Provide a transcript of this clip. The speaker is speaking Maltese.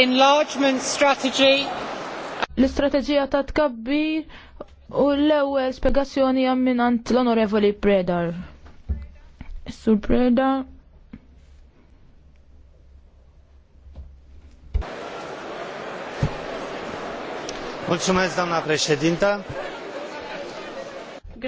enlargement strategy. L-istrateġija ta' tkabbir u l-ewwel spjegazzjoni hemm minant l-Onorevoli Predar. Sur Preda. Mulțumesc, doamna președintă.